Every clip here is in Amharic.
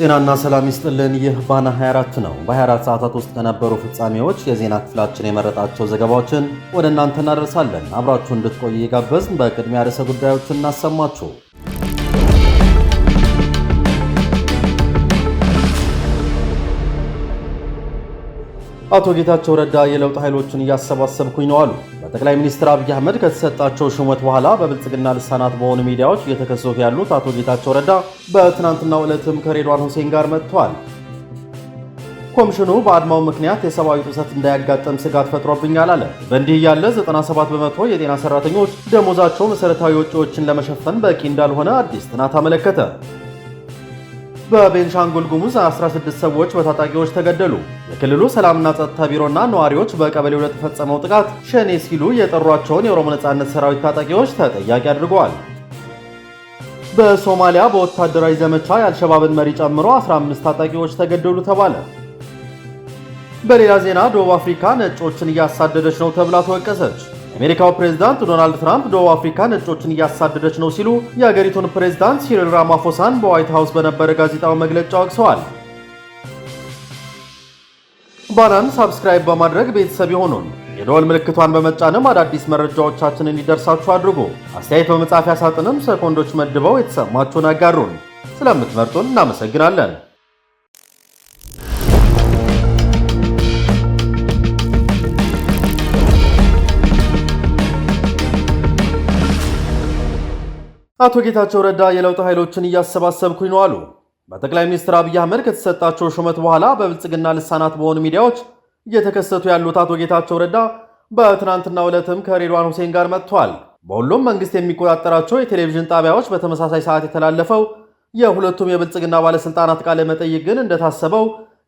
ጤናና ሰላም ይስጥልን። ይህ ባና 24 ነው። በ24 ሰዓታት ውስጥ ከነበሩ ፍጻሜዎች የዜና ክፍላችን የመረጣቸው ዘገባዎችን ወደ እናንተ እናደርሳለን። አብራችሁ እንድትቆዩ እየጋበዝን በቅድሚያ ርዕሰ ጉዳዮችን እናሰማችሁ። አቶ ጌታቸው ረዳ የለውጥ ኃይሎችን እያሰባሰብኩኝ ነው አሉ። በጠቅላይ ሚኒስትር አብይ አህመድ ከተሰጣቸው ሹመት በኋላ በብልጽግና ልሳናት በሆኑ ሚዲያዎች እየተከሰሱ ያሉት አቶ ጌታቸው ረዳ በትናንትናው ዕለትም ከሬድዋን ሁሴን ጋር መጥተዋል። ኮሚሽኑ በአድማው ምክንያት የሰብአዊ ጥሰት እንዳያጋጠም ስጋት ፈጥሮብኛል አለ። በእንዲህ እያለ 97 በመቶ የጤና ሰራተኞች ደሞዛቸው መሠረታዊ ወጪዎችን ለመሸፈን በቂ እንዳልሆነ አዲስ ጥናት አመለከተ። በቤንሻንጉል ጉሙዝ 16 ሰዎች በታጣቂዎች ተገደሉ። የክልሉ ሰላምና ጸጥታ ቢሮና ነዋሪዎች በቀበሌው ለተፈጸመው ጥቃት ሸኔ ሲሉ የጠሯቸውን የኦሮሞ ነጻነት ሰራዊት ታጣቂዎች ተጠያቂ አድርገዋል። በሶማሊያ በወታደራዊ ዘመቻ የአልሸባብን መሪ ጨምሮ 15 ታጣቂዎች ተገደሉ ተባለ። በሌላ ዜና ደቡብ አፍሪካ ነጮችን እያሳደደች ነው ተብላ ተወቀሰች። የአሜሪካው ፕሬዝዳንት ዶናልድ ትራምፕ ደቡብ አፍሪካ ነጮችን እያሳደደች ነው ሲሉ የአገሪቱን ፕሬዝዳንት ሲሪል ራማፎሳን በዋይት ሀውስ በነበረ ጋዜጣዊ መግለጫ ወቅሰዋል። ባናን ሳብስክራይብ በማድረግ ቤተሰብ ይሆኑን የደወል ምልክቷን በመጫንም አዳዲስ መረጃዎቻችን እንዲደርሳችሁ አድርጉ። አስተያየት በመጻፊያ ሳጥንም ሰኮንዶች መድበው የተሰማችሁን አጋሩን። ስለምትመርጡን እናመሰግናለን። አቶ ጌታቸው ረዳ የለውጥ ኃይሎችን እያሰባሰብኩኝ ነው አሉ። በጠቅላይ ሚኒስትር አብይ አህመድ ከተሰጣቸው ሹመት በኋላ በብልጽግና ልሳናት በሆኑ ሚዲያዎች እየተከሰቱ ያሉት አቶ ጌታቸው ረዳ በትናንትና ዕለትም ከሬድዋን ሁሴን ጋር መጥቷል። በሁሉም መንግስት የሚቆጣጠራቸው የቴሌቪዥን ጣቢያዎች በተመሳሳይ ሰዓት የተላለፈው የሁለቱም የብልጽግና ባለስልጣናት ቃለ መጠይቅ ግን እንደታሰበው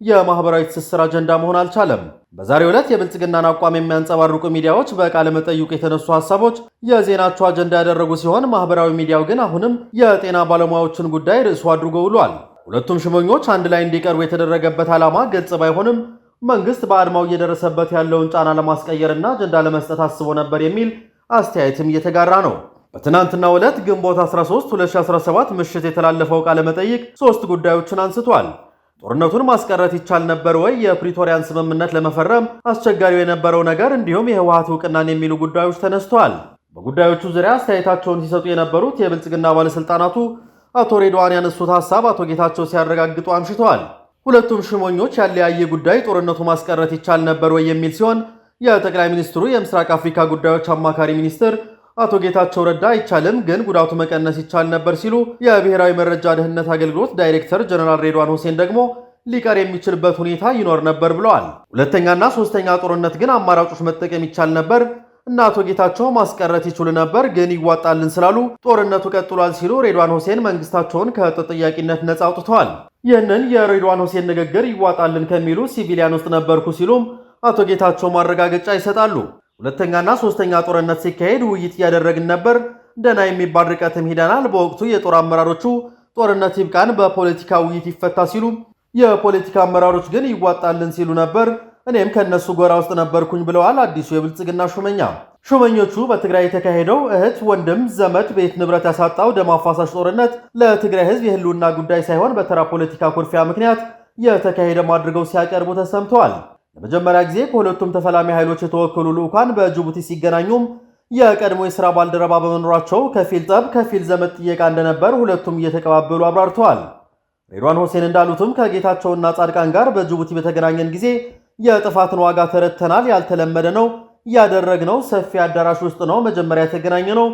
የማህበራዊ ትስስር አጀንዳ መሆን አልቻለም። በዛሬው ዕለት የብልጽግናን አቋም የሚያንጸባርቁ ሚዲያዎች በቃለ መጠይቅ የተነሱ ሀሳቦች የዜናቸው አጀንዳ ያደረጉ ሲሆን ማህበራዊ ሚዲያው ግን አሁንም የጤና ባለሙያዎችን ጉዳይ ርዕሱ አድርጎ ውሏል። ሁለቱም ሽመኞች አንድ ላይ እንዲቀርቡ የተደረገበት ዓላማ ግልጽ ባይሆንም መንግስት በአድማው እየደረሰበት ያለውን ጫና ለማስቀየርና አጀንዳ ለመስጠት አስቦ ነበር የሚል አስተያየትም እየተጋራ ነው። በትናንትናው ዕለት ግንቦት 13 2017 ምሽት የተላለፈው ቃለ መጠይቅ ሦስት ጉዳዮችን አንስቷል። ጦርነቱን ማስቀረት ይቻል ነበር ወይ? የፕሪቶሪያን ስምምነት ለመፈረም አስቸጋሪው የነበረው ነገር እንዲሁም የህወሀት እውቅናን የሚሉ ጉዳዮች ተነስተዋል። በጉዳዮቹ ዙሪያ አስተያየታቸውን ሲሰጡ የነበሩት የብልጽግና ባለሥልጣናቱ አቶ ሬድዋን ያነሱት ሐሳብ አቶ ጌታቸው ሲያረጋግጡ አምሽተዋል። ሁለቱም ሽሞኞች ያለያየ ጉዳይ ጦርነቱ ማስቀረት ይቻል ነበር ወይ የሚል ሲሆን የጠቅላይ ሚኒስትሩ የምስራቅ አፍሪካ ጉዳዮች አማካሪ ሚኒስትር አቶ ጌታቸው ረዳ አይቻልም ግን ጉዳቱ መቀነስ ይቻል ነበር ሲሉ፣ የብሔራዊ መረጃ ደህንነት አገልግሎት ዳይሬክተር ጀነራል ሬድዋን ሁሴን ደግሞ ሊቀር የሚችልበት ሁኔታ ይኖር ነበር ብለዋል። ሁለተኛና ሶስተኛ ጦርነት ግን አማራጮች መጠቀም ይቻል ነበር እና አቶ ጌታቸው ማስቀረት ይችሉ ነበር ግን ይዋጣልን ስላሉ ጦርነቱ ቀጥሏል ሲሉ ሬድዋን ሁሴን መንግስታቸውን ከተጠያቂነት ነጻ አውጥተዋል። ይህንን የሬድዋን ሁሴን ንግግር ይዋጣልን ከሚሉ ሲቪሊያን ውስጥ ነበርኩ ሲሉም አቶ ጌታቸው ማረጋገጫ ይሰጣሉ። ሁለተኛና ሶስተኛ ጦርነት ሲካሄድ ውይይት እያደረግን ነበር። ደህና የሚባል ርቀትም ሂደናል። በወቅቱ የጦር አመራሮቹ ጦርነት ይብቃን፣ በፖለቲካ ውይይት ይፈታ ሲሉ፣ የፖለቲካ አመራሮች ግን ይዋጣልን ሲሉ ነበር። እኔም ከእነሱ ጎራ ውስጥ ነበርኩኝ ብለዋል አዲሱ የብልጽግና ሹመኛ። ሹመኞቹ በትግራይ የተካሄደው እህት ወንድም፣ ዘመድ፣ ቤት ንብረት ያሳጣው ደም አፋሳሽ ጦርነት ለትግራይ ሕዝብ የህልውና ጉዳይ ሳይሆን በተራ ፖለቲካ ኩርፊያ ምክንያት የተካሄደ አድርገው ሲያቀርቡ ተሰምተዋል። ለመጀመሪያ ጊዜ ከሁለቱም ተፈላሚ ኃይሎች የተወከሉ ልዑካን በጅቡቲ ሲገናኙም የቀድሞ የሥራ ባልደረባ በመኖራቸው ከፊል ጠብ ከፊል ዘመድ ጥየቃ እንደነበር ሁለቱም እየተቀባበሉ አብራርተዋል። ሬድዋን ሁሴን እንዳሉትም ከጌታቸውና ጻድቃን ጋር በጅቡቲ በተገናኘን ጊዜ የጥፋትን ዋጋ ተረድተናል። ያልተለመደ ነው ያደረግነው። ሰፊ አዳራሽ ውስጥ ነው መጀመሪያ የተገናኘ ነው።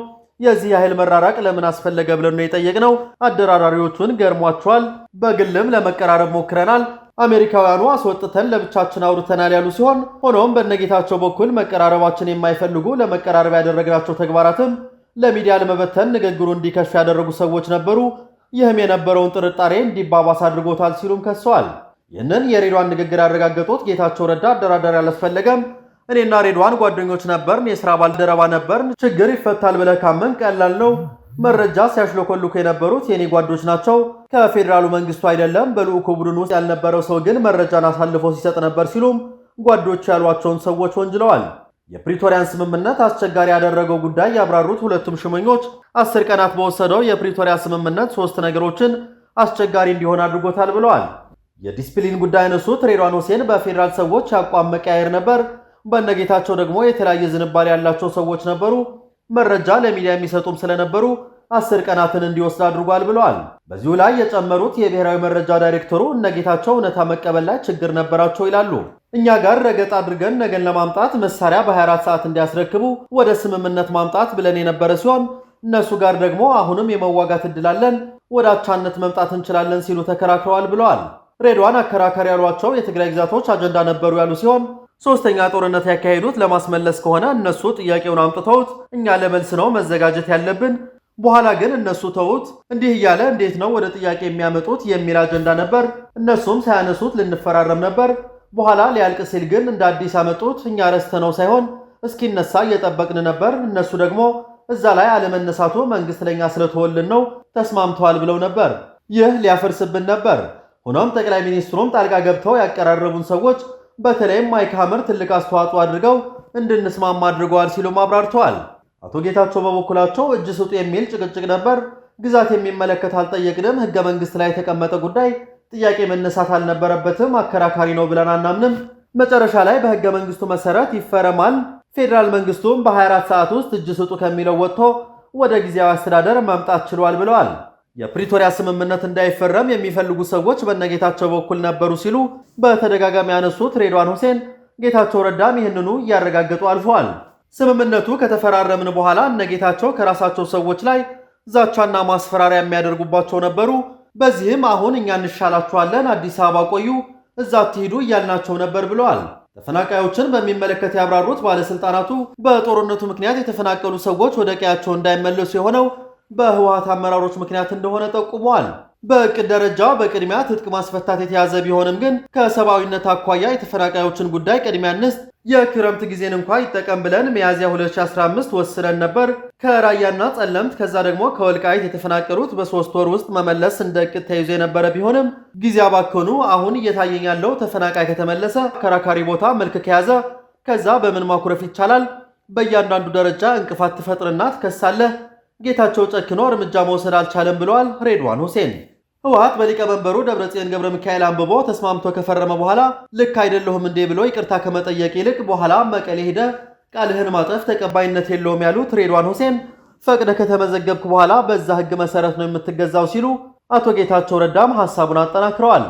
የዚህ ያህል መራራቅ ለምን አስፈለገ ብለን ነው የጠየቅነው። አደራዳሪዎቹን ገርሟቸዋል። በግልም ለመቀራረብ ሞክረናል። አሜሪካውያኑ አስወጥተን ለብቻችን አውርተናል ያሉ ሲሆን ሆኖም በነጌታቸው በኩል መቀራረባችን የማይፈልጉ ለመቀራረብ ያደረግናቸው ተግባራትም ለሚዲያ ለመበተን ንግግሩ እንዲከሽፍ ያደረጉ ሰዎች ነበሩ። ይህም የነበረውን ጥርጣሬ እንዲባባስ አድርጎታል ሲሉም ከሰዋል። ይህንን የሬድዋን ንግግር ያረጋገጡት ጌታቸው ረዳ አደራዳሪ አላስፈለገም፣ እኔና ሬድዋን ጓደኞች ነበርን፣ የስራ ባልደረባ ነበርን፣ ችግር ይፈታል ብለህ ካመን ቀላል ነው መረጃ ሲያሽለኮልኩ የነበሩት የኔ ጓዶች ናቸው፣ ከፌዴራሉ መንግስቱ አይደለም። በልዑኩ ቡድን ውስጥ ያልነበረው ሰው ግን መረጃን አሳልፎ ሲሰጥ ነበር ሲሉም ጓዶች ያሏቸውን ሰዎች ወንጅለዋል። የፕሪቶሪያን ስምምነት አስቸጋሪ ያደረገው ጉዳይ ያብራሩት ሁለቱም ሽመኞች አስር ቀናት በወሰደው የፕሪቶሪያ ስምምነት ሶስት ነገሮችን አስቸጋሪ እንዲሆን አድርጎታል ብለዋል። የዲስፕሊን ጉዳይ ያነሱት ሬድዋን ሁሴን በፌዴራል ሰዎች ያቋም መቀያየር ነበር፣ በነጌታቸው ደግሞ የተለያየ ዝንባሌ ያላቸው ሰዎች ነበሩ መረጃ ለሚዲያ የሚሰጡም ስለነበሩ አስር ቀናትን እንዲወስድ አድርጓል ብለዋል። በዚሁ ላይ የጨመሩት የብሔራዊ መረጃ ዳይሬክተሩ እነ ጌታቸው እውነታ መቀበል ላይ ችግር ነበራቸው ይላሉ። እኛ ጋር ረገጥ አድርገን ነገን ለማምጣት መሳሪያ በ24 ሰዓት እንዲያስረክቡ ወደ ስምምነት ማምጣት ብለን የነበረ ሲሆን እነሱ ጋር ደግሞ አሁንም የመዋጋት እድላለን። ወደ አቻነት መምጣት እንችላለን ሲሉ ተከራክረዋል ብለዋል። ሬድዋን አከራካሪ ያሏቸው የትግራይ ግዛቶች አጀንዳ ነበሩ ያሉ ሲሆን ሶስተኛ ጦርነት ያካሄዱት ለማስመለስ ከሆነ እነሱ ጥያቄውን አምጥተውት እኛ ለመልስ ነው መዘጋጀት ያለብን፣ በኋላ ግን እነሱ ተውት እንዲህ እያለ እንዴት ነው ወደ ጥያቄ የሚያመጡት የሚል አጀንዳ ነበር። እነሱም ሳያነሱት ልንፈራረም ነበር። በኋላ ሊያልቅ ሲል ግን እንደ አዲስ ያመጡት። እኛ ረስተነው ሳይሆን እስኪነሳ እየጠበቅን ነበር። እነሱ ደግሞ እዛ ላይ አለመነሳቱ መንግስት ለኛ ስለተወልን ነው ተስማምተዋል ብለው ነበር። ይህ ሊያፈርስብን ነበር። ሆኖም ጠቅላይ ሚኒስትሩም ጣልቃ ገብተው ያቀራረቡን ሰዎች በተለይም ማይክ ሀመር ትልቅ አስተዋጽኦ አድርገው እንድንስማም አድርገዋል ሲሉም አብራርተዋል። አቶ ጌታቸው በበኩላቸው እጅ ስጡ የሚል ጭቅጭቅ ነበር፣ ግዛት የሚመለከት አልጠየቅንም፣ ህገ መንግስት ላይ የተቀመጠ ጉዳይ ጥያቄ መነሳት አልነበረበትም፣ አከራካሪ ነው ብለን አናምንም። መጨረሻ ላይ በህገ መንግስቱ መሰረት ይፈረማል። ፌዴራል መንግስቱም በ24 ሰዓት ውስጥ እጅ ስጡ ከሚለው ወጥቶ ወደ ጊዜያዊ አስተዳደር መምጣት ችሏል ብለዋል። የፕሪቶሪያ ስምምነት እንዳይፈረም የሚፈልጉ ሰዎች በነጌታቸው በኩል ነበሩ ሲሉ በተደጋጋሚ ያነሱት ሬድዋን ሁሴን ጌታቸው ረዳም ይህንኑ እያረጋገጡ አልፈዋል። ስምምነቱ ከተፈራረምን በኋላ እነጌታቸው ከራሳቸው ሰዎች ላይ ዛቻና ማስፈራሪያ የሚያደርጉባቸው ነበሩ። በዚህም አሁን እኛ እንሻላችኋለን፣ አዲስ አበባ ቆዩ፣ እዛ አትሂዱ እያልናቸው ነበር ብለዋል። ተፈናቃዮችን በሚመለከት ያብራሩት ባለስልጣናቱ በጦርነቱ ምክንያት የተፈናቀሉ ሰዎች ወደ ቀያቸው እንዳይመለሱ የሆነው በህወሓት አመራሮች ምክንያት እንደሆነ ጠቁሟል። በእቅድ ደረጃ በቅድሚያ ትጥቅ ማስፈታት የተያዘ ቢሆንም ግን ከሰብአዊነት አኳያ የተፈናቃዮችን ጉዳይ ቅድሚያ ንስት የክረምት ጊዜን እንኳ ይጠቀም ብለን ሚያዝያ 2015 ወስነን ነበር። ከራያና ጸለምት ከዛ ደግሞ ከወልቃይት የተፈናቀሉት በሶስት ወር ውስጥ መመለስ እንደ እቅድ ተይዞ የነበረ ቢሆንም ጊዜ አባከኑ። አሁን እየታየኝ ያለው ተፈናቃይ ከተመለሰ አከራካሪ ቦታ መልክ ከያዘ ከዛ በምን ማኩረፍ ይቻላል? በእያንዳንዱ ደረጃ እንቅፋት ትፈጥርና ትከሳለህ። ጌታቸው ጨክኖ እርምጃ መውሰድ አልቻለም ብለዋል ሬድዋን ሁሴን። ህወሓት በሊቀመንበሩ ደብረጽዮን ገብረ ሚካኤል አንብቦ ተስማምቶ ከፈረመ በኋላ ልክ አይደለሁም እንዴ ብሎ ይቅርታ ከመጠየቅ ይልቅ በኋላ መቀሌ ሄደ ቃልህን ማጠፍ ተቀባይነት የለውም ያሉት ሬድዋን ሁሴን ፈቅደ ከተመዘገብክ በኋላ በዛ ህግ መሰረት ነው የምትገዛው ሲሉ አቶ ጌታቸው ረዳም ሀሳቡን አጠናክረዋል።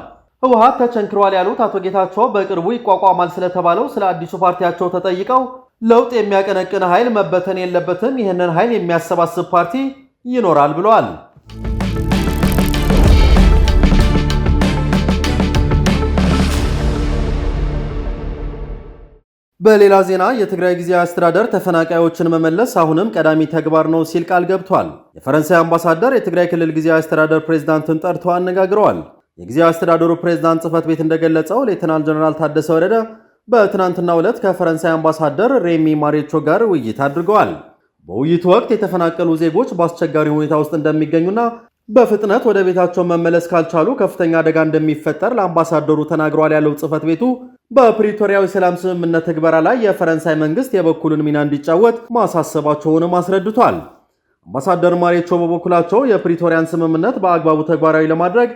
ህወሓት ተቸንክሯል ያሉት አቶ ጌታቸው በቅርቡ ይቋቋማል ስለተባለው ስለ አዲሱ ፓርቲያቸው ተጠይቀው ለውጥ የሚያቀነቅን ኃይል መበተን የለበትም፣ ይህንን ኃይል የሚያሰባስብ ፓርቲ ይኖራል ብለዋል። በሌላ ዜና የትግራይ ጊዜያዊ አስተዳደር ተፈናቃዮችን መመለስ አሁንም ቀዳሚ ተግባር ነው ሲል ቃል ገብቷል። የፈረንሳይ አምባሳደር የትግራይ ክልል ጊዜያዊ አስተዳደር ፕሬዝዳንትን ጠርተው አነጋግረዋል። የጊዜያዊ አስተዳደሩ ፕሬዝዳንት ጽህፈት ቤት እንደገለጸው ሌተናል ጀነራል ታደሰ ወረደ በትናንትናው ዕለት ከፈረንሳይ አምባሳደር ሬሚ ማሬቾ ጋር ውይይት አድርገዋል። በውይይቱ ወቅት የተፈናቀሉ ዜጎች በአስቸጋሪ ሁኔታ ውስጥ እንደሚገኙና በፍጥነት ወደ ቤታቸው መመለስ ካልቻሉ ከፍተኛ አደጋ እንደሚፈጠር ለአምባሳደሩ ተናግረዋል ያለው ጽህፈት ቤቱ በፕሪቶሪያው የሰላም ስምምነት ትግበራ ላይ የፈረንሳይ መንግስት የበኩሉን ሚና እንዲጫወት ማሳሰባቸውንም አስረድቷል። አምባሳደር ማሬቾ በበኩላቸው የፕሪቶሪያን ስምምነት በአግባቡ ተግባራዊ ለማድረግ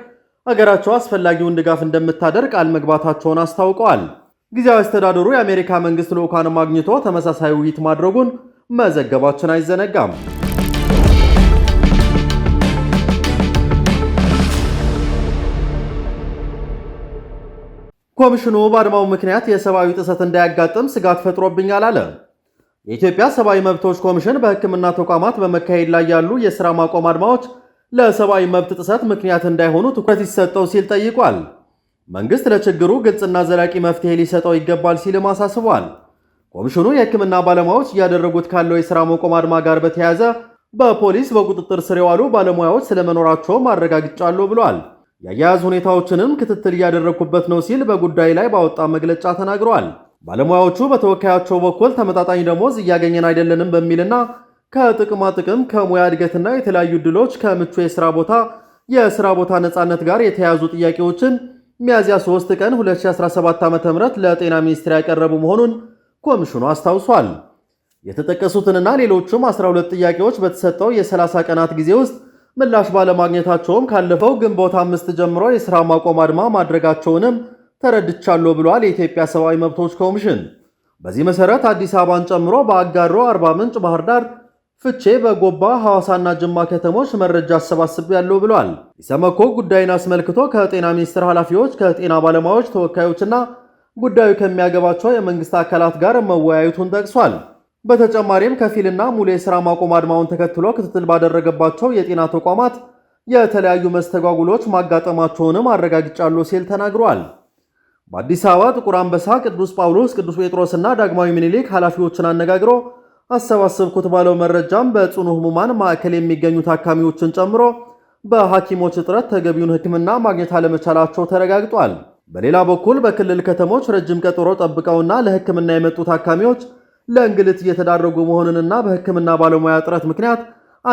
አገራቸው አስፈላጊውን ድጋፍ እንደምታደርግ ቃል መግባታቸውን አስታውቀዋል። ጊዜያዊ አስተዳደሩ የአሜሪካ መንግስት ልዑካን ማግኝቶ ተመሳሳይ ውይይት ማድረጉን መዘገባችን አይዘነጋም። ኮሚሽኑ በአድማው ምክንያት የሰብአዊ ጥሰት እንዳያጋጥም ስጋት ፈጥሮብኛል አለ። የኢትዮጵያ ሰብአዊ መብቶች ኮሚሽን በሕክምና ተቋማት በመካሄድ ላይ ያሉ የሥራ ማቆም አድማዎች ለሰብአዊ መብት ጥሰት ምክንያት እንዳይሆኑ ትኩረት ይሰጠው ሲል ጠይቋል። መንግስት ለችግሩ ግልጽና ዘላቂ መፍትሄ ሊሰጠው ይገባል ሲልም አሳስቧል። ኮሚሽኑ የሕክምና ባለሙያዎች እያደረጉት ካለው የሥራ መቆም አድማ ጋር በተያያዘ በፖሊስ በቁጥጥር ስር የዋሉ ባለሙያዎች ስለመኖራቸው አረጋግጫለሁ ብሏል። የአያያዝ ሁኔታዎችንም ክትትል እያደረግኩበት ነው ሲል በጉዳይ ላይ ባወጣ መግለጫ ተናግሯል። ባለሙያዎቹ በተወካያቸው በኩል ተመጣጣኝ ደሞዝ እያገኘን አይደለንም በሚልና ከጥቅማ ጥቅም፣ ከሙያ እድገትና የተለያዩ እድሎች፣ ከምቹ የስራ ቦታ፣ የስራ ቦታ ነፃነት ጋር የተያያዙ ጥያቄዎችን ሚያዝያ 3 ቀን 2017 ዓ.ም ለጤና ሚኒስቴር ያቀረቡ መሆኑን ኮሚሽኑ አስታውሷል። የተጠቀሱትንና ሌሎቹም 12 ጥያቄዎች በተሰጠው የ30 ቀናት ጊዜ ውስጥ ምላሽ ባለማግኘታቸውም ካለፈው ግንቦት አምስት ጀምሮ የሥራ ማቆም አድማ ማድረጋቸውንም ተረድቻለሁ ብሏል የኢትዮጵያ ሰብአዊ መብቶች ኮሚሽን። በዚህ መሠረት አዲስ አበባን ጨምሮ በአጋሮ፣ አርባ ምንጭ፣ ባህር ዳር ፍቼ በጎባ ሐዋሳና ጅማ ከተሞች መረጃ አሰባስብ ያለው ብለዋል። ኢሰመኮ ጉዳይን አስመልክቶ ከጤና ሚኒስቴር ኃላፊዎች፣ ከጤና ባለሙያዎች ተወካዮችና ጉዳዩ ከሚያገባቸው የመንግስት አካላት ጋር መወያየቱን ጠቅሷል። በተጨማሪም ከፊልና ሙሉ የሥራ ማቆም አድማውን ተከትሎ ክትትል ባደረገባቸው የጤና ተቋማት የተለያዩ መስተጓጉሎች ማጋጠማቸውንም አረጋግጫለሁ ሲል ተናግሯል። በአዲስ አበባ ጥቁር አንበሳ፣ ቅዱስ ጳውሎስ፣ ቅዱስ ጴጥሮስና ዳግማዊ ምኒልክ ኃላፊዎችን አነጋግሮ አሰባሰብኩት ባለው መረጃም በጽኑ ህሙማን ማዕከል የሚገኙ ታካሚዎችን ጨምሮ በሐኪሞች እጥረት ተገቢውን ሕክምና ማግኘት አለመቻላቸው ተረጋግጧል። በሌላ በኩል በክልል ከተሞች ረጅም ቀጠሮ ጠብቀውና ለሕክምና የመጡ ታካሚዎች ለእንግልት እየተዳረጉ መሆኑንና በሕክምና ባለሙያ እጥረት ምክንያት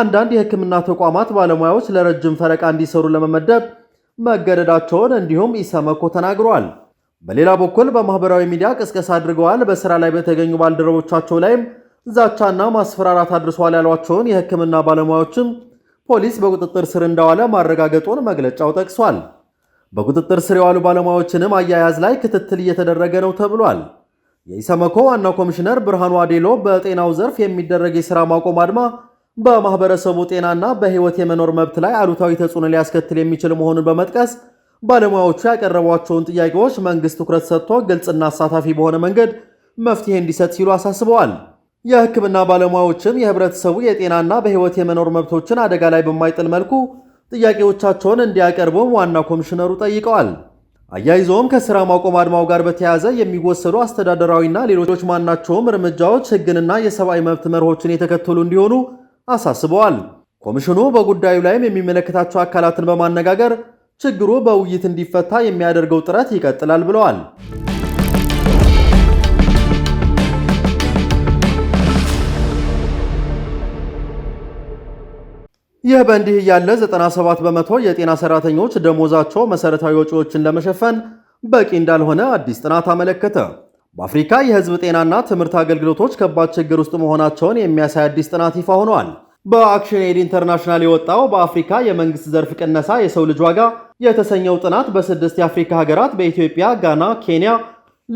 አንዳንድ የሕክምና ተቋማት ባለሙያዎች ለረጅም ፈረቃ እንዲሰሩ ለመመደብ መገደዳቸውን እንዲሁም ኢሰመኮ ተናግሯል። በሌላ በኩል በማህበራዊ ሚዲያ ቅስቀሳ አድርገዋል በስራ ላይ በተገኙ ባልደረቦቻቸው ላይም ዛቻና ማስፈራራት አድርሷል ያሏቸውን የሕክምና ባለሙያዎችም ፖሊስ በቁጥጥር ስር እንደዋለ ማረጋገጡን መግለጫው ጠቅሷል። በቁጥጥር ስር የዋሉ ባለሙያዎችንም አያያዝ ላይ ክትትል እየተደረገ ነው ተብሏል። የኢሰመኮ ዋና ኮሚሽነር ብርሃኑ አዴሎ በጤናው ዘርፍ የሚደረግ የሥራ ማቆም አድማ በማህበረሰቡ ጤናና በሕይወት የመኖር መብት ላይ አሉታዊ ተጽዕኖ ሊያስከትል የሚችል መሆኑን በመጥቀስ ባለሙያዎቹ ያቀረቧቸውን ጥያቄዎች መንግሥት ትኩረት ሰጥቶ ግልጽና አሳታፊ በሆነ መንገድ መፍትሄ እንዲሰጥ ሲሉ አሳስበዋል። የሕክምና ባለሙያዎችም የህብረተሰቡ የጤናና በህይወት የመኖር መብቶችን አደጋ ላይ በማይጥል መልኩ ጥያቄዎቻቸውን እንዲያቀርቡም ዋና ኮሚሽነሩ ጠይቀዋል። አያይዘውም ከሥራ ማቆም አድማው ጋር በተያያዘ የሚወሰዱ አስተዳደራዊና ሌሎች ማናቸውም እርምጃዎች ሕግንና የሰብአዊ መብት መርሆችን የተከተሉ እንዲሆኑ አሳስበዋል። ኮሚሽኑ በጉዳዩ ላይም የሚመለከታቸው አካላትን በማነጋገር ችግሩ በውይይት እንዲፈታ የሚያደርገው ጥረት ይቀጥላል ብለዋል። ይህ በእንዲህ እያለ 97 በመቶ የጤና ሰራተኞች ደሞዛቸው መሠረታዊ ወጪዎችን ለመሸፈን በቂ እንዳልሆነ አዲስ ጥናት አመለከተ። በአፍሪካ የህዝብ ጤናና ትምህርት አገልግሎቶች ከባድ ችግር ውስጥ መሆናቸውን የሚያሳይ አዲስ ጥናት ይፋ ሆኗል። በአክሽን ኤድ ኢንተርናሽናል የወጣው በአፍሪካ የመንግስት ዘርፍ ቅነሳ የሰው ልጅ ዋጋ የተሰኘው ጥናት በስድስት የአፍሪካ ሀገራት በኢትዮጵያ፣ ጋና፣ ኬንያ፣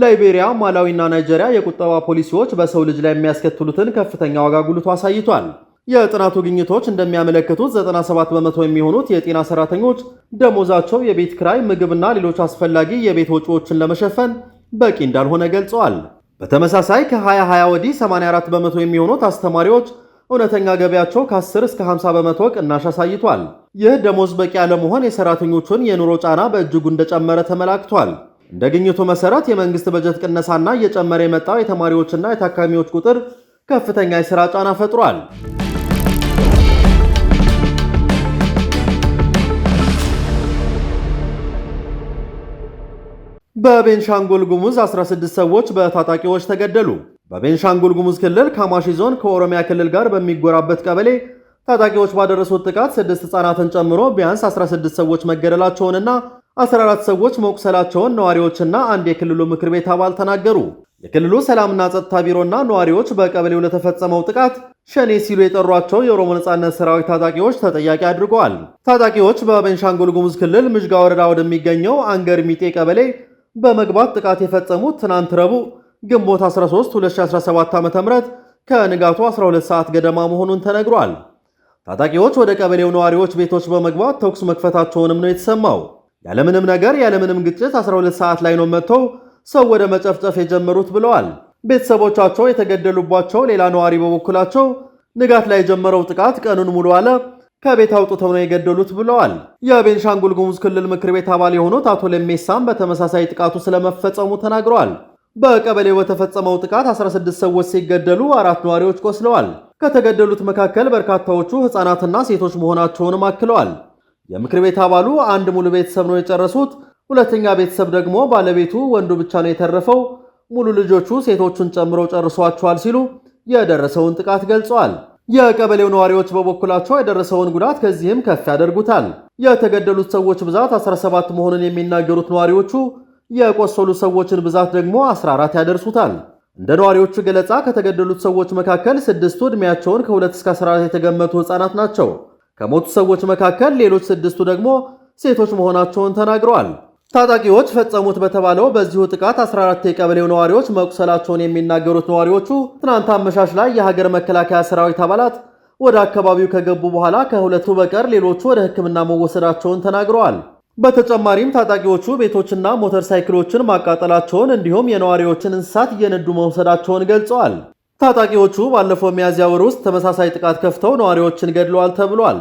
ላይቤሪያ፣ ማላዊና ናይጄሪያ የቁጠባ ፖሊሲዎች በሰው ልጅ ላይ የሚያስከትሉትን ከፍተኛ ዋጋ ጉልቶ አሳይቷል። የጥናቱ ግኝቶች እንደሚያመለክቱት 97 በመቶ የሚሆኑት የጤና ሰራተኞች ደሞዛቸው የቤት ክራይ፣ ምግብና ሌሎች አስፈላጊ የቤት ወጪዎችን ለመሸፈን በቂ እንዳልሆነ ገልጸዋል። በተመሳሳይ ከ2020 ወዲህ 84 በመቶ የሚሆኑት አስተማሪዎች እውነተኛ ገቢያቸው ከ10 እስከ 50 በመቶ ቅናሽ አሳይቷል። ይህ ደሞዝ በቂ አለመሆን የሰራተኞቹን የኑሮ ጫና በእጅጉ እንደጨመረ ተመላክቷል። እንደ ግኝቱ መሰረት የመንግስት በጀት ቅነሳና እየጨመረ የመጣው የተማሪዎችና የታካሚዎች ቁጥር ከፍተኛ የሥራ ጫና ፈጥሯል። በቤንሻንጉል ጉሙዝ 16 ሰዎች በታጣቂዎች ተገደሉ። በቤንሻንጉል ጉሙዝ ክልል ካማሺ ዞን ከኦሮሚያ ክልል ጋር በሚጎራበት ቀበሌ ታጣቂዎች ባደረሱት ጥቃት ስድስት ሕፃናትን ጨምሮ ቢያንስ 16 ሰዎች መገደላቸውንና 14 ሰዎች መቁሰላቸውን ነዋሪዎችና አንድ የክልሉ ምክር ቤት አባል ተናገሩ። የክልሉ ሰላምና ጸጥታ ቢሮና ነዋሪዎች በቀበሌው ለተፈጸመው ጥቃት ሸኔ ሲሉ የጠሯቸው የኦሮሞ ነጻነት ሰራዊት ታጣቂዎች ተጠያቂ አድርገዋል። ታጣቂዎች በቤንሻንጉል ጉሙዝ ክልል ምዥጋ ወረዳ ወደሚገኘው አንገር ሚጤ ቀበሌ በመግባት ጥቃት የፈጸሙት ትናንት ረቡዕ ግንቦት 13 2017 ዓ.ም ከንጋቱ 12 ሰዓት ገደማ መሆኑን ተነግሯል። ታጣቂዎች ወደ ቀበሌው ነዋሪዎች ቤቶች በመግባት ተኩስ መክፈታቸውንም ነው የተሰማው። ያለምንም ነገር ያለምንም ግጭት 12 ሰዓት ላይ ነው መጥተው ሰው ወደ መጨፍጨፍ የጀመሩት ብለዋል። ቤተሰቦቻቸው የተገደሉባቸው ሌላ ነዋሪ በበኩላቸው ንጋት ላይ የጀመረው ጥቃት ቀኑን ሙሉ አለ ከቤት አውጥተው ነው የገደሉት ብለዋል። የቤንሻንጉል ጉሙዝ ክልል ምክር ቤት አባል የሆኑት አቶ ለሜሳም በተመሳሳይ ጥቃቱ ስለመፈጸሙ ተናግረዋል። በቀበሌው በተፈጸመው ጥቃት 16 ሰዎች ሲገደሉ አራት ነዋሪዎች ቆስለዋል። ከተገደሉት መካከል በርካታዎቹ ሕፃናትና ሴቶች መሆናቸውንም አክለዋል። የምክር ቤት አባሉ አንድ ሙሉ ቤተሰብ ነው የጨረሱት። ሁለተኛ ቤተሰብ ደግሞ ባለቤቱ ወንዱ ብቻ ነው የተረፈው። ሙሉ ልጆቹ ሴቶቹን ጨምሮ ጨርሷቸዋል ሲሉ የደረሰውን ጥቃት ገልጸዋል። የቀበሌው ነዋሪዎች በበኩላቸው የደረሰውን ጉዳት ከዚህም ከፍ ያደርጉታል። የተገደሉት ሰዎች ብዛት 17 መሆኑን የሚናገሩት ነዋሪዎቹ የቆሰሉ ሰዎችን ብዛት ደግሞ 14 ያደርሱታል። እንደ ነዋሪዎቹ ገለጻ ከተገደሉት ሰዎች መካከል ስድስቱ ዕድሜያቸውን ከ2 እስከ 14 የተገመቱ ሕፃናት ናቸው። ከሞቱ ሰዎች መካከል ሌሎች ስድስቱ ደግሞ ሴቶች መሆናቸውን ተናግረዋል። ታጣቂዎች ፈጸሙት በተባለው በዚሁ ጥቃት 14 የቀበሌው ነዋሪዎች መቁሰላቸውን የሚናገሩት ነዋሪዎቹ ትናንት አመሻሽ ላይ የሀገር መከላከያ ሰራዊት አባላት ወደ አካባቢው ከገቡ በኋላ ከሁለቱ በቀር ሌሎቹ ወደ ሕክምና መወሰዳቸውን ተናግረዋል። በተጨማሪም ታጣቂዎቹ ቤቶችና ሞተር ሳይክሎችን ማቃጠላቸውን እንዲሁም የነዋሪዎችን እንስሳት እየነዱ መውሰዳቸውን ገልጸዋል። ታጣቂዎቹ ባለፈው ሚያዝያ ወር ውስጥ ተመሳሳይ ጥቃት ከፍተው ነዋሪዎችን ገድለዋል ተብሏል።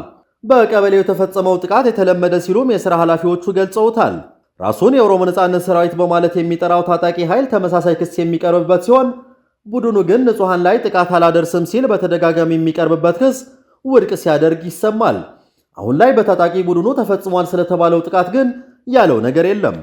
በቀበሌው የተፈጸመው ጥቃት የተለመደ ሲሉም የሥራ ኃላፊዎቹ ገልጸውታል። ራሱን የኦሮሞ ነጻነት ሰራዊት በማለት የሚጠራው ታጣቂ ኃይል ተመሳሳይ ክስ የሚቀርብበት ሲሆን ቡድኑ ግን ንጹሐን ላይ ጥቃት አላደርስም ሲል በተደጋጋሚ የሚቀርብበት ክስ ውድቅ ሲያደርግ ይሰማል። አሁን ላይ በታጣቂ ቡድኑ ተፈጽሟል ስለተባለው ጥቃት ግን ያለው ነገር የለም።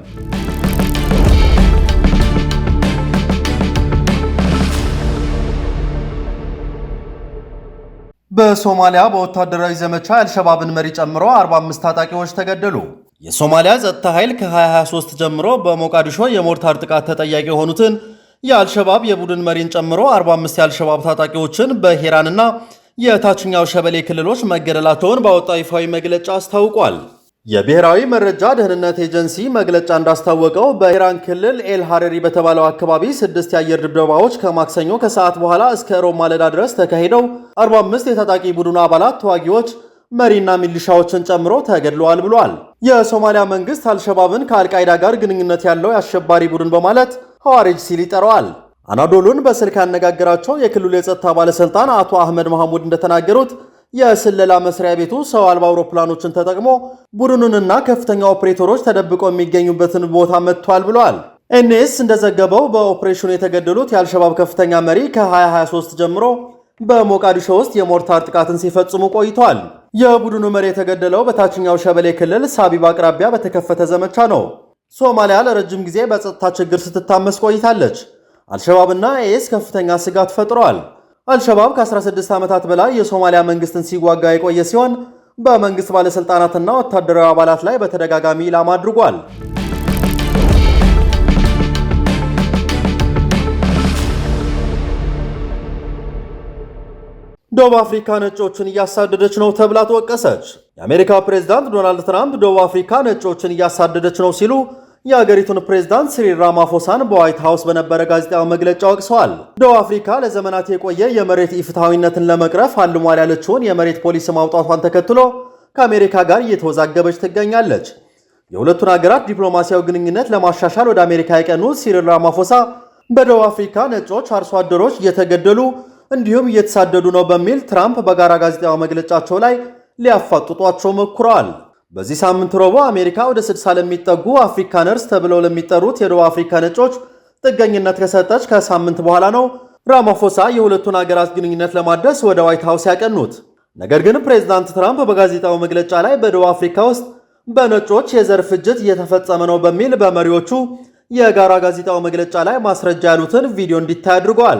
በሶማሊያ በወታደራዊ ዘመቻ አልሸባብን መሪ ጨምሮ 45 ታጣቂዎች ተገደሉ። የሶማሊያ ጸጥታ ኃይል ከ2023 ጀምሮ በሞቃዲሾ የሞርታር ጥቃት ተጠያቂ የሆኑትን የአልሸባብ የቡድን መሪን ጨምሮ 45 የአልሸባብ ታጣቂዎችን በሄራንና የታችኛው ሸበሌ ክልሎች መገደላቸውን ባወጣው ይፋዊ መግለጫ አስታውቋል። የብሔራዊ መረጃ ደህንነት ኤጀንሲ መግለጫ እንዳስታወቀው በኢራን ክልል ኤል ሐረሪ በተባለው አካባቢ ስድስት የአየር ድብደባዎች ከማክሰኞ ከሰዓት በኋላ እስከ ሮብ ማለዳ ድረስ ተካሂደው 45 የታጣቂ ቡድኑ አባላት ተዋጊዎች መሪና ሚሊሻዎችን ጨምሮ ተገድለዋል ብሏል። የሶማሊያ መንግስት አልሸባብን ከአልቃይዳ ጋር ግንኙነት ያለው የአሸባሪ ቡድን በማለት ሐዋሪጅ ሲል ይጠራዋል። አናዶሉን በስልክ ያነጋገራቸው የክልሉ የጸጥታ ባለሥልጣን አቶ አህመድ መሐሙድ እንደተናገሩት የስለላ መስሪያ ቤቱ ሰው አልባ አውሮፕላኖችን ተጠቅሞ ቡድኑንና ከፍተኛ ኦፕሬተሮች ተደብቀው የሚገኙበትን ቦታ መጥቷል ብለዋል። ኤንኤስ እንደዘገበው በኦፕሬሽኑ የተገደሉት የአልሸባብ ከፍተኛ መሪ ከ2023 ጀምሮ በሞቃዲሾ ውስጥ የሞርታር ጥቃትን ሲፈጽሙ ቆይቷል። የቡድኑ መሪ የተገደለው በታችኛው ሸበሌ ክልል ሳቢብ አቅራቢያ በተከፈተ ዘመቻ ነው። ሶማሊያ ለረጅም ጊዜ በጸጥታ ችግር ስትታመስ ቆይታለች። አልሸባብና ኤስ ከፍተኛ ስጋት ፈጥረዋል። አልሸባብ ከ16 ዓመታት በላይ የሶማሊያ መንግስትን ሲዋጋ የቆየ ሲሆን በመንግስት ባለሥልጣናትና ወታደራዊ አባላት ላይ በተደጋጋሚ ኢላማ አድርጓል። ደቡብ አፍሪካ ነጮችን እያሳደደች ነው ተብላ ተወቀሰች። የአሜሪካ ፕሬዝዳንት ዶናልድ ትራምፕ ደቡብ አፍሪካ ነጮችን እያሳደደች ነው ሲሉ የአገሪቱን ፕሬዝዳንት ሲሪል ራማፎሳን በዋይት ሃውስ በነበረ ጋዜጣዊ መግለጫ ወቅሰዋል። ደቡብ አፍሪካ ለዘመናት የቆየ የመሬት ኢፍትሐዊነትን ለመቅረፍ አልሟል ያለችውን የመሬት ፖሊሲ ማውጣቷን ተከትሎ ከአሜሪካ ጋር እየተወዛገበች ትገኛለች። የሁለቱን አገራት ዲፕሎማሲያዊ ግንኙነት ለማሻሻል ወደ አሜሪካ የቀኑት ሲሪል ራማፎሳ በደቡብ አፍሪካ ነጮች አርሶ አደሮች እየተገደሉ እንዲሁም እየተሳደዱ ነው በሚል ትራምፕ በጋራ ጋዜጣዊ መግለጫቸው ላይ ሊያፋጥጧቸው ሞክረዋል። በዚህ ሳምንት ረቡዕ አሜሪካ ወደ 60 ለሚጠጉ አፍሪካነርስ ተብለው ለሚጠሩት የደቡብ አፍሪካ ነጮች ጥገኝነት ከሰጠች ከሳምንት በኋላ ነው ራማፎሳ የሁለቱን አገራት ግንኙነት ለማድረስ ወደ ዋይት ሀውስ ያቀኑት። ነገር ግን ፕሬዚዳንት ትራምፕ በጋዜጣዊ መግለጫ ላይ በደቡብ አፍሪካ ውስጥ በነጮች የዘር ፍጅት እየተፈጸመ ነው በሚል በመሪዎቹ የጋራ ጋዜጣዊ መግለጫ ላይ ማስረጃ ያሉትን ቪዲዮ እንዲታይ አድርጓል።